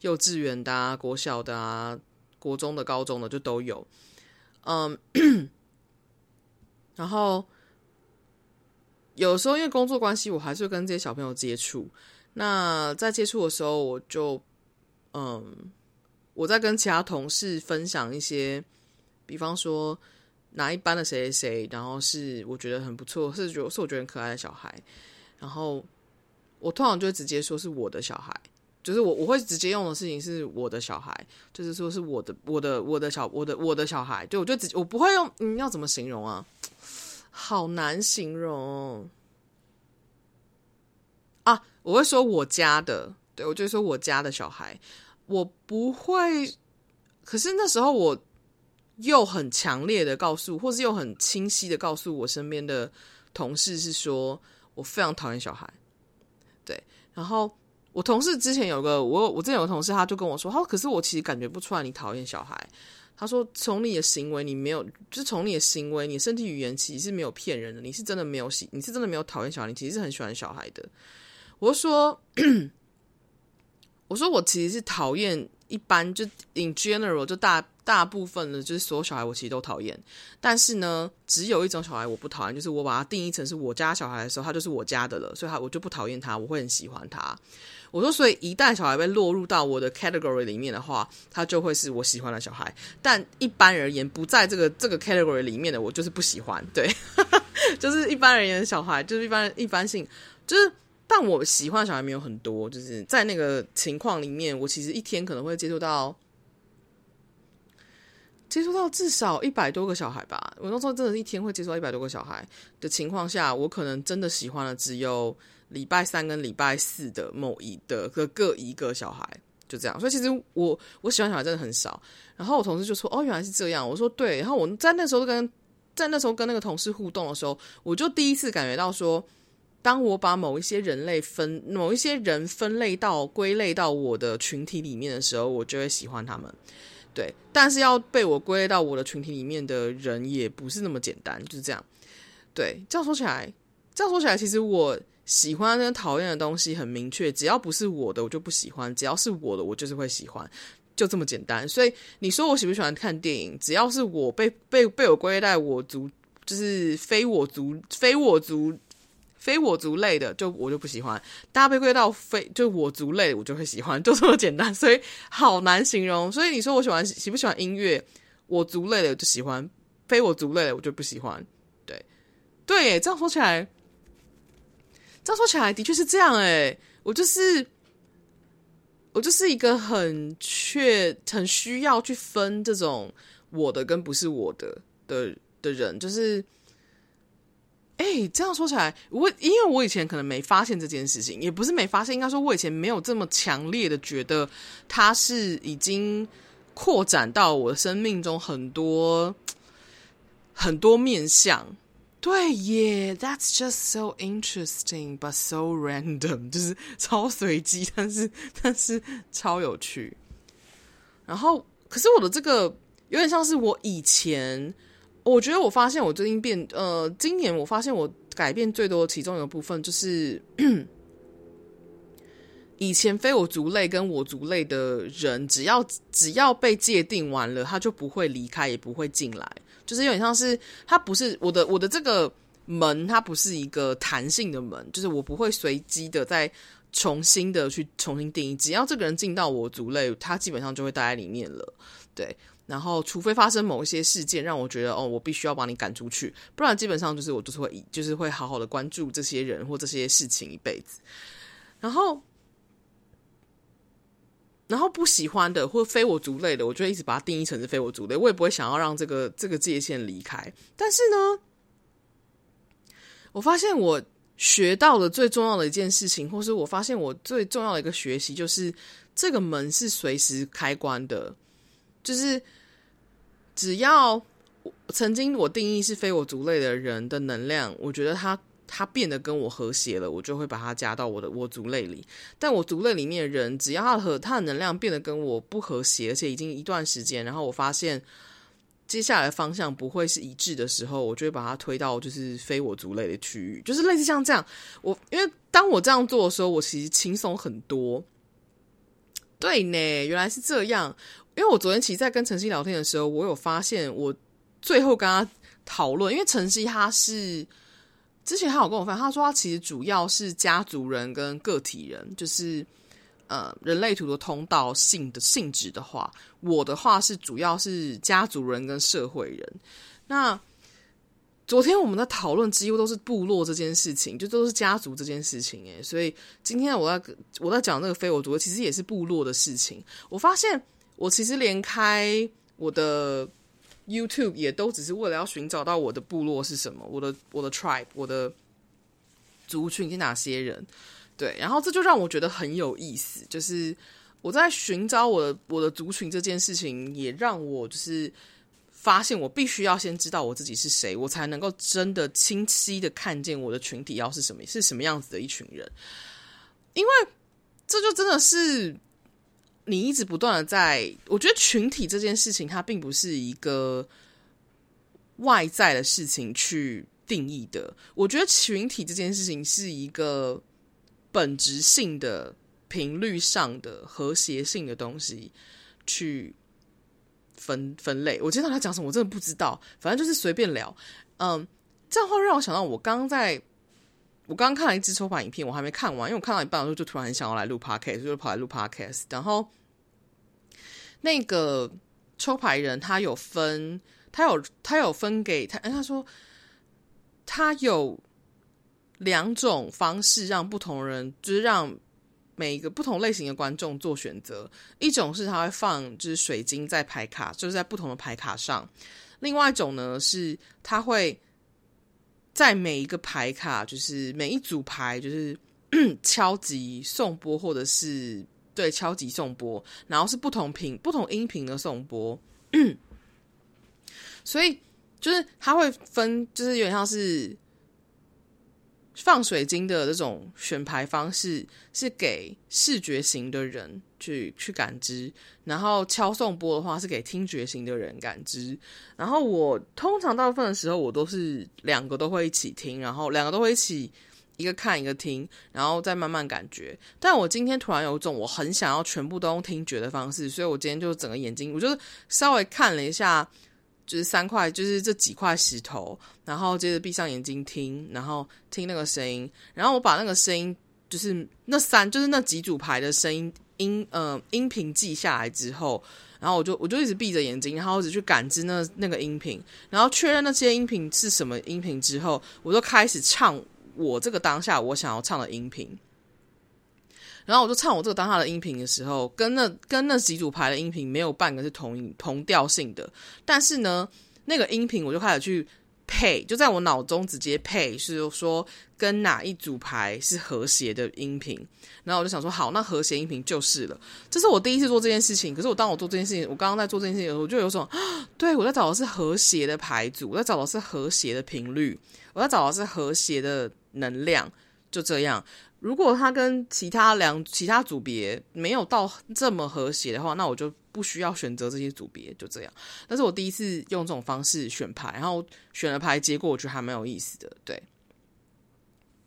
A: 幼稚園的啊，國小的啊，國中的、高中的就都有。嗯、um, 然後有時候因為工作關係，我還是會跟這些小朋友接觸。那在接觸的時候，我就嗯，um, 我在跟其他同事分享一些，比方說哪一班的誰誰誰，然後是我覺得很不錯，是覺是我覺得很可愛的小孩。然後我通常就會直接說是我的小孩。就是我，我會直接用的事情是我的小孩，就是說是我的，我的，我的小，我的，我的小孩。就我就直接，我不會用，你、嗯、要怎麼形容啊？好難形容啊！我會說我家的，對，我就會說我家的小孩，我不會。可是那時候我又很強烈的告訴，或是又很清晰的告訴我身邊的同事，是說我非常討厭小孩。對，然後。我同事之前有個我，我之前有個同事，他就跟我說，他說：“可是我其實感覺不出來你討厭小孩。”他說：“從你的行為，你沒有，就是從你的行為，你身體語言其實是沒有騙人的，你是真的沒有喜，你是真的沒有討厭小孩，你其實是很喜歡小孩的。我”我說 ：“我說我其實是討厭一般，就 in general，就大。”大部分的，就是所有小孩，我其實都討厭。但是呢，只有一種小孩我不討厭，就是我把它定義成是我家小孩的時候，他就是我家的了，所以，他我就不討厭他，我會很喜歡他。我說，所以一旦小孩被落入到我的 category 裡面的話，他就會是我喜歡的小孩。但一般而言，不在這個這個 category 裡面的，我就是不喜歡。對， 就是一般而言的小孩，就是一般一般性，就是但我喜歡的小孩沒有很多，就是在那個情況裡面，我其實一天可能會接觸到。接觸到至少一百多個小孩吧，我那時候真的，一天會接觸到一百多個小孩的情況下，我可能真的喜歡了只有禮拜三跟禮拜四的某一的和各一個小孩，就這樣。所以其實我我喜歡小孩真的很少。然後我同事就說：“哦，原來是這樣。”我說：“對。”然後我在那時候跟在那時候跟那個同事互動的時候，我就第一次感覺到說，當我把某一些人類分某一些人分類到歸類到我的群體裡面的時候，我就會喜歡他們。對，但是要被我歸類到我的群體裡面的人也不是那麼簡單，就是這樣。對，這樣說起來，這樣說起來，其實我喜歡跟討厭的東西很明確，只要不是我的，我就不喜歡；只要是我的，我就是會喜歡，就這麼簡單。所以你說我喜不喜歡看電影？只要是我被被被我歸類在我族，就是非我族，非我族。非我族類的，就我就不喜歡；搭配歸到非，就我族類的，我就會喜歡，就這麼簡單。所以好難形容。所以你說我喜歡喜不喜歡音樂？我族類的我就喜歡，非我族類的我就不喜歡。對對，這樣說起來，這樣說起來的確是這樣。欸，我就是我就是一個很確很需要去分這種我的跟不是我的的的人，就是。哎，這樣說起來，我因為我以前可能沒發現這件事情，也不是沒發現，應該說，我以前沒有這麼強烈的覺得它是已經擴展到我的生命中很多很多面向。對耶，that's just so interesting, but so random，就是超隨機，但是但是超有趣。然後，可是我的這個有點像是我以前。我覺得我發現我最近變，呃，今年我發現我改變最多，其中一個部分就是，以前非我族類跟我族類的人，只要只要被界定完了，他就不會離開，也不會進來，就是有點像是他不是我的我的這個門，它不是一個彈性的門，就是我不會隨機的再重新的去重新定義，只要這個人進到我族類，他基本上就會待在裡面了，對。然後，除非發生某一些事件讓我覺得哦，我必須要把你趕出去，不然基本上就是我就是會就是會好好的關注這些人或這些事情一輩子。然後，然後不喜歡的或非我族類的，我就一直把它定義成是非我族類，我也不會想要讓這個這個界限離開。但是呢，我發現我學到的最重要的一件事情，或是我發現我最重要的一個學習，就是這個門是隨時開關的，就是。只要我曾經我定義是非我族類的人的能量，我覺得他他變得跟我和諧了，我就會把他加到我的我族類裡。但我族類裡面的人，只要他和他的能量變得跟我不和諧，而且已經一段時間，然後我發現接下來的方向不會是一致的時候，我就會把他推到就是非我族類的區域，就是類似像這樣。我因為當我這樣做的時候，我其實輕鬆很多。對呢，原來是這樣。因為我昨天其實在跟晨曦聊天的時候，我有發現，我最後跟他討論，因為晨曦他是之前他有跟我分享，他說他其實主要是家族人跟個體人，就是呃人類圖的通道性的性質的話，我的話是主要是家族人跟社會人。那昨天我們的討論幾乎都是部落這件事情，就都是家族這件事情，哎，所以今天我在我在講那個非我族，其實也是部落的事情，我發現。我其實連開我的 YouTube 也都只是為了要尋找到我的部落是什麼，我的我的 tribe，我的族群是哪些人，對，然後這就讓我覺得很有意思，就是我在尋找我的我的族群這件事情，也讓我就是發現我必須要先知道我自己是誰，我才能夠真的清晰地看見我的群體要是什麼，是什麼樣子的一群人，因為這就真的是。你一直不斷的在，我覺得群體這件事情，它並不是一個外在的事情去定義的。我覺得群體這件事情是一個本質性的、頻率上的和諧性的東西去分分類。我今天到底講什麼，我真的不知道，反正就是隨便聊。嗯，這樣會讓我想到，我剛剛在，我剛剛看了一支抽牌影片，我還沒看完，因為我看到一半的時候就突然很想要來錄 podcast，就跑來錄 podcast，然後。那個抽牌人他有分，他有他有分給他，嗯，他說他有兩種方式讓不同人，就是讓每一個不同類型的觀眾做選擇。一種是他會放就是水晶在牌卡，就是在不同的牌卡上；另外一種呢是他會，在每一個牌卡，就是每一組牌，就是 敲擊送播或者是。對，敲擊頌缽，然後是不同頻、不同音頻的頌缽， 所以就是它會分，就是有點像是放水晶的這種選牌方式，是給視覺型的人去去感知，然後敲頌缽的話是給聽覺型的人感知，然後我通常大部分的時候我都是兩個都會一起聽，然後兩個都會一起。一個看一個聽，然後再慢慢感覺。但我今天突然有一種我很想要全部都用聽覺的方式，所以我今天就整個眼睛，我就稍微看了一下，就是三塊，就是這幾塊石頭，然後接着閉上眼睛聽，然後聽那個聲音，然後我把那個聲音，就是那三，就是那幾組牌的聲音音呃音頻記下來之後，然後我就我就一直閉着眼睛，然後我只去感知那那個音頻，然後確認那些音頻是什麼音頻之後，我就開始唱。我這個當下我想要唱的音頻，然後我就唱我這個當下的音頻的時候，跟那跟那幾組牌的音頻沒有半個是同同調性的。但是呢，那個音頻我就開始去配，就在我腦中直接配，是說跟哪一組牌是和諧的音頻。然後我就想說，好，那和諧音頻就是了。這是我第一次做這件事情。可是我當我做這件事情，我剛剛在做這件事情的時候，我就有種、啊，對我在找的是和諧的牌組，我在找的是和諧的頻率，我在找的是和諧的。能量就這樣。如果他跟其他兩其他組別沒有到這麼和諧的話，那我就不需要選擇這些組別。就這樣。但是我第一次用這種方式選牌，然後選了牌，結果我覺得還蠻有意思的。對，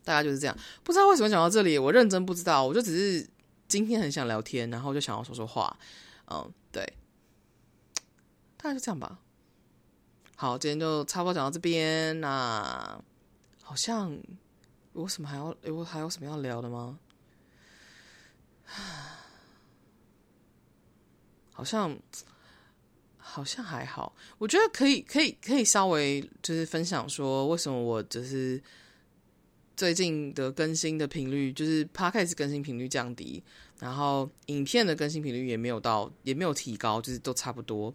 A: 大概就是這樣。不知道為什麼講到這裡，我認真不知道，我就只是今天很想聊天，然後就想要說說話。嗯，對，大概就這樣吧。好，今天就差不多講到這邊。那好像。有什麼還要？有還有什麼要聊的嗎？啊，好像好像還好，我覺得可以，可以，可以稍微就是分享說，為什麼我就是最近的更新的頻率，就是 Podcast 更新頻率降低，然後影片的更新頻率也沒有到，也沒有提高，就是都差不多。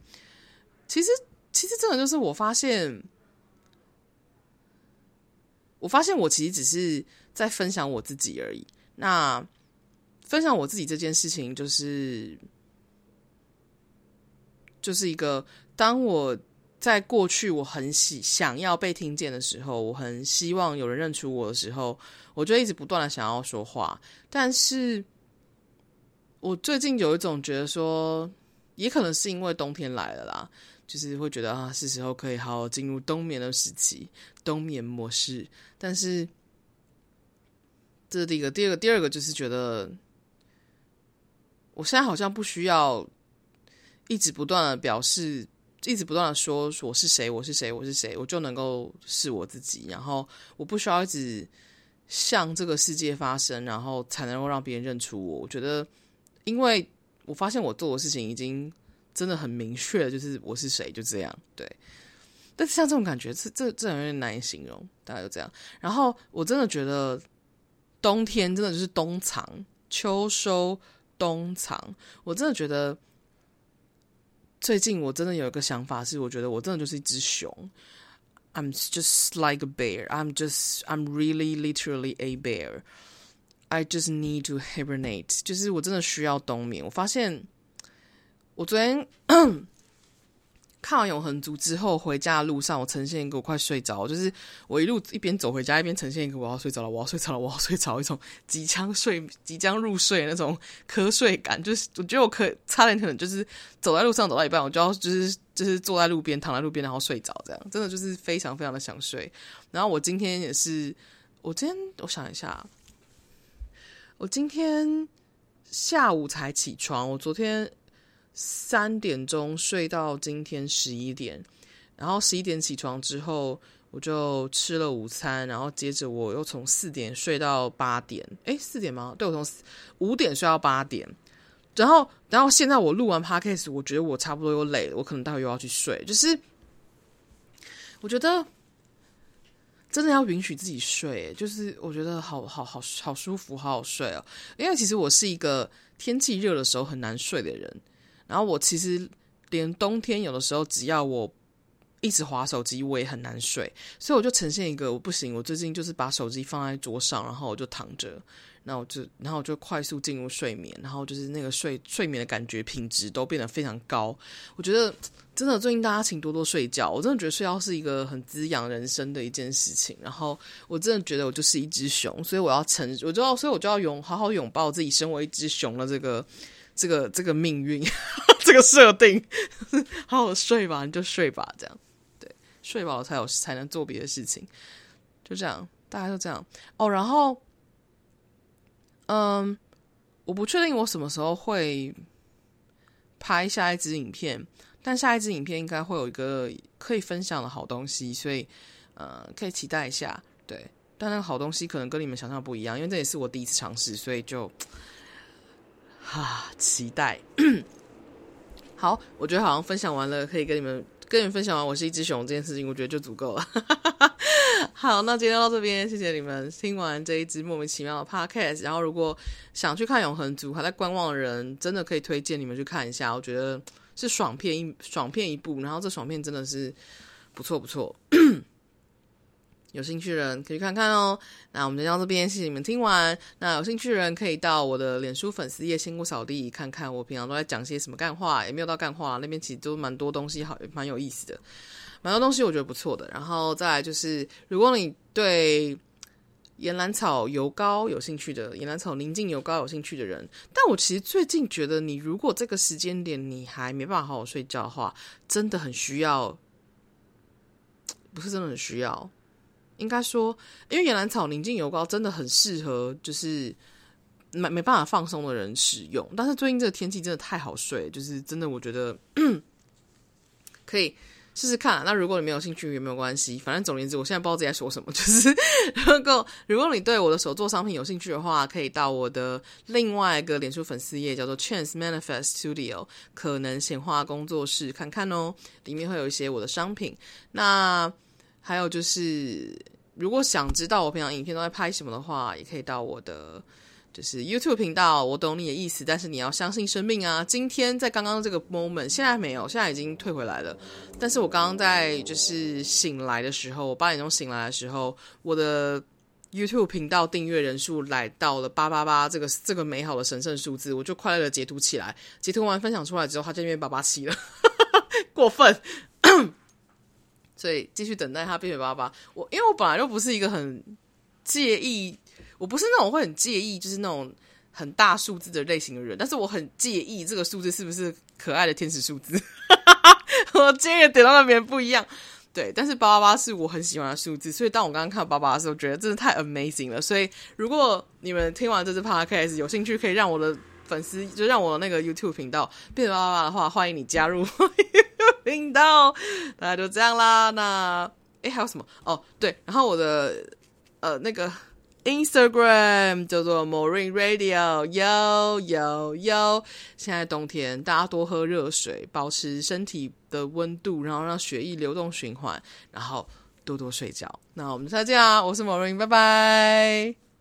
A: 其實，其實真的就是我發現。我發現我其實只是在分享我自己而已。那分享我自己這件事情，就是就是一個當我在過去我很喜想要被聽見的時候，我很希望有人認出我的時候，我就一直不斷的想要說話。但是我最近有一種覺得說，也可能是因為冬天來了啦。就是會覺得啊，是時候可以好好進入冬眠的時期，冬眠模式。但是這是第一個，第二個，第二個就是覺得我現在好像不需要一直不斷的表示，一直不斷的說我是誰，我是誰，我是誰，我是誰，我就能夠是我自己。然後我不需要一直向這個世界發聲，然後才能夠讓別人認出我。我覺得，因為我發現我做的事情已經。真的很明確，就是我是誰，就這樣。對，但是像這種感覺，這這這有點難以形容。大概就這樣。然後我真的覺得，冬天真的就是冬藏，秋收冬藏。我真的覺得，最近我真的有一個想法，是我覺得我真的就是一隻熊。I'm just like a bear. I'm just I'm really literally a bear. I just need to hibernate，就是我真的需要冬眠。我發現。我昨天看完《 永恆族》之後，回家的路上，我呈現一個我快睡着，就是我一路一邊走回家，一邊呈現一個我要睡着了，我要睡着了，我要睡着，一種即將睡、即將入睡那種瞌睡感。就是我覺得我可差點可能就是走在路上走到一半，我就要就是就是坐在路邊躺在路邊然後睡着這樣，真的就是非常非常的想睡。然後我今天也是，我今天我想一下，我今天下午才起床，我昨天。三點鐘睡到今天十一點，然後十一點起床之後，我就吃了午餐，然後接着我又從四點睡到八點，欸，四點嗎？對，我從五點睡到八點，然後，然後現在我錄完 Podcast，我覺得我差不多又累了，我可能待會又要去睡。就是我覺得真的要允許自己睡，就是我覺得好好好好舒服，好好睡哦，因為其實我是一個天氣熱的時候很難睡的人。然後我其實連冬天有的時候，只要我一直滑手機，我也很難睡。所以我就呈現一個我不行，我最近就是把手機放在桌上，然後我就躺着，然後就然後我就快速進入睡眠，然後就是那個睡睡眠的感覺品質都變得非常高。我覺得真的最近大家請多多睡覺，我真的覺得睡覺是一個很滋養人生的一件事情。然後我真的覺得我就是一只熊，所以我要成，我就要，所以我就要擁好好擁抱自己身為一只熊的這個，這個這個命運，這個設定，好好睡吧，你就睡吧，這樣，對，睡飽了才有才能做別的事情，就這樣，大概就這樣哦。然後，嗯，我不確定我什麼時候會拍下一支影片，但下一支影片應該會有一個可以分享的好東西，所以呃，可以期待一下，對。但那個好東西可能跟你們想象不一樣，因為這也是我第一次嘗試，所以就。啊，期待！ 好，我覺得好像分享完了，可以跟你們跟你們分享完我是一隻熊這件事情，我覺得就足夠了。 好，那今天到這邊，謝謝你們聽完這一支莫名其妙的 Podcast。然後，如果想去看《永恆族》還在觀望的人，真的可以推薦你們去看一下，我覺得是爽片一爽片一部。然後，這爽片真的是不錯不錯。 有興趣的人可以看看哦。那我們就到這邊，謝謝你們聽完，那有興趣的人可以到我的臉書粉絲頁“千古掃地”看看，我平常都在講些什麼幹話，也沒有到幹話。那邊其實都蠻多東西，好，蠻有意思的，蠻多東西我覺得不錯的。然後再來就是，如果你對岩蘭草油膏有興趣的，岩蘭草寧靜油膏有興趣的人，但我其實最近覺得，你如果這個時間點你還沒辦法好好睡覺的話，真的很需要，不是真的很需要。應該說，因為野蘭草寧靜油膏真的很適合，就是沒沒辦法放鬆的人使用。但是最近這個天氣真的太好睡，就是真的我覺得、嗯、可以試試看。那如果你沒有興趣也沒有關係，反正總而言之，我現在不知道自己在說什麼。就是如果如果你對我的手作商品有興趣的話，可以到我的另外一個臉書粉絲頁叫做 Chance Manifest Studio 可能顯化工作室看看哦、喔，裡面會有一些我的商品。那還有就是，如果想知道我平常影片都在拍什麼的話，也可以到我的就是 YouTube 頻道。我懂你的意思，但是你要相信生命啊！今天在剛剛這個 moment，現在沒有，現在已經退回來了。但是我剛剛在就是醒來的時候，我八點鐘醒來的時候，我的 YouTube 頻道訂閱人數來到了八八八，這個這個美好的神聖數字，我就快樂的截圖起來，截圖完分享出來之後，他就變成八八七了， 過分。 所以繼續等待他變成八八八。我因為我本來就不是一個很介意，我不是那種會很介意，就是那種很大數字的類型的人。但是我很介意這個數字是不是可愛的天使數字。哈哈哈，我今天也點到那邊不一樣，對。但是八八八是我很喜歡的數字，所以當我剛剛看到八八八的時候，覺得真的太 amazing 了。所以如果你們聽完這支 podcast 有興趣，可以讓我的。粉絲就讓我那個 YouTube 頻道變成爸爸的話，歡迎你加入頻道。大家就這樣啦。那誒、欸、還有什麼？哦對，然後我的呃那個 Instagram 叫做 Morin Radio Yo Yo Yo。現在冬天，大家多喝熱水，保持身體的溫度，然後讓血液流動循環，然後多多睡覺。那我們再見啊！我是 Morin，拜拜。